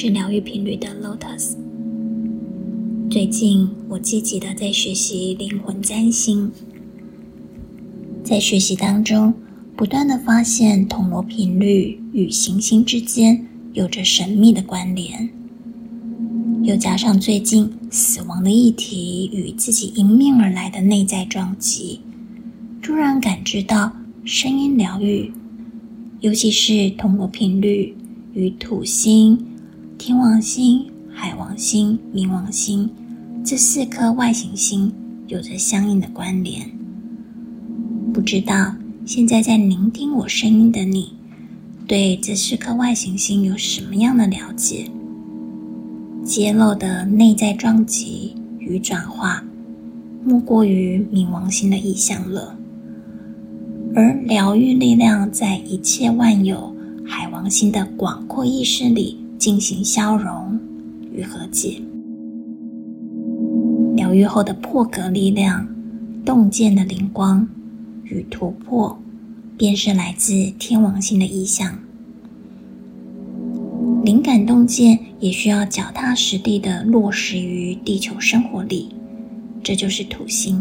是療癒頻率的 Lotus。最近，我積極的在學習靈魂占星，在學習當中，不斷的發現銅鑼頻率與行星之間有着神秘的關聯。又加上最近死亡的議題與自己迎面而來的內在撞擊，突然感知到聲音療癒，尤其是銅鑼頻率與土星、天王星、海王星、冥王星這四顆外行星有着相應的關聯。不知道現在在聆聽我聲音的你，對這四顆外行星有什麼樣的了解？揭露的內在撞擊與轉化，莫過於冥王星的意象了。而療癒力量在一切萬有，海王星的廣闊意識裡。進行消融與和解，療癒後的破格力量、洞見的靈光與突破，便是來自天王星的意象。靈感洞見也需要腳踏實地的落實於地球生活裡，這就是土星。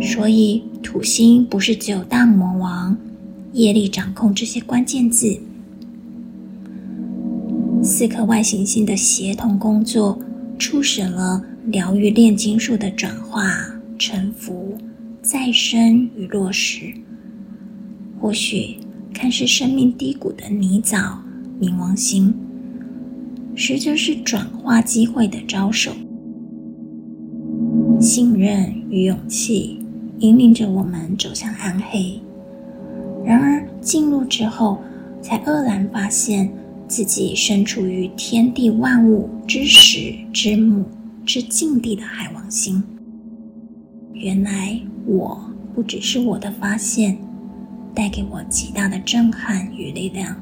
所以，土星不是只有大魔王、業力掌控這些關鍵字。四顆外行星的協同工作，促使了療癒煉金術的轉化、臣服、再生與落實。或許，看似生命低谷的泥沼——冥王星，實則是轉化機會的招手。信任與勇氣引領着我們走向暗黑，然而進入之後，才愕然發現。自己身處於天地萬物之始之母之境地的海王星，原來我不只是我的發現，帶給我極大的震撼與力量。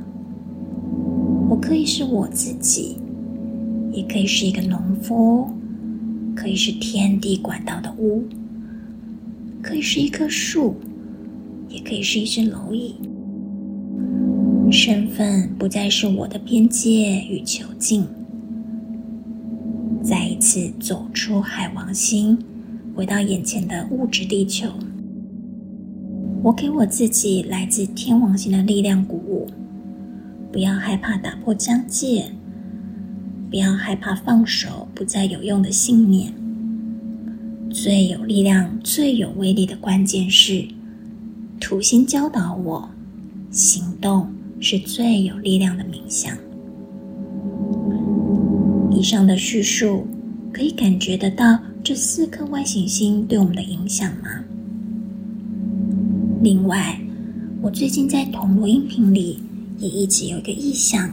我可以是我自己，也可以是一個農夫，可以是天地管道的巫，可以是一棵樹，也可以是一隻螻蟻。身份不再是我的邊界與囚禁，再一次走出海王星，回到眼前的物質地球。我給我自己來自天王星的力量鼓舞，不要害怕打破疆界，不要害怕放手不再有用的信念。最有力量、最有威力的關鍵是，土星教導我行動。是最有力量的冥想。以上的敘述，可以感覺得到這四顆外行星對我們的影響嗎？另外，我最近在銅鑼音頻裡也一直有一個意象，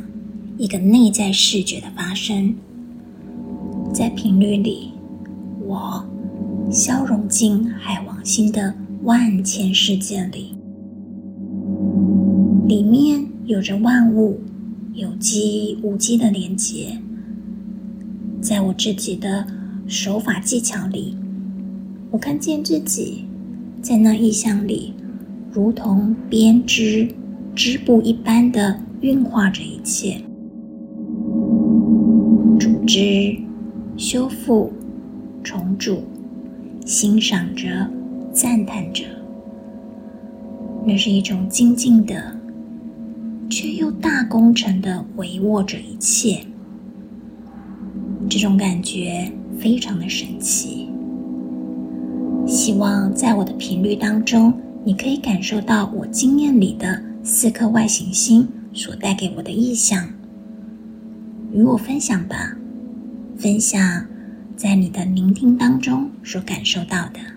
一個內在視覺的發生，在頻率裡，我消融進海王星的萬千世界裡。裡面有着萬物、有機無機的連接，在我自己的手法技巧裡，我看見自己在那意象裡，如同編織織布一般的運化着一切，組織、修復、重組、欣賞着、讚嘆着，那是一種靜靜的，卻又大工程地帷幄着一切，這種感覺非常的神奇。希望在我的頻率當中，你可以感受到我經驗裡的四顆外行星所帶給我的意象，與我分享吧，分享在你的聆聽當中所感受到的。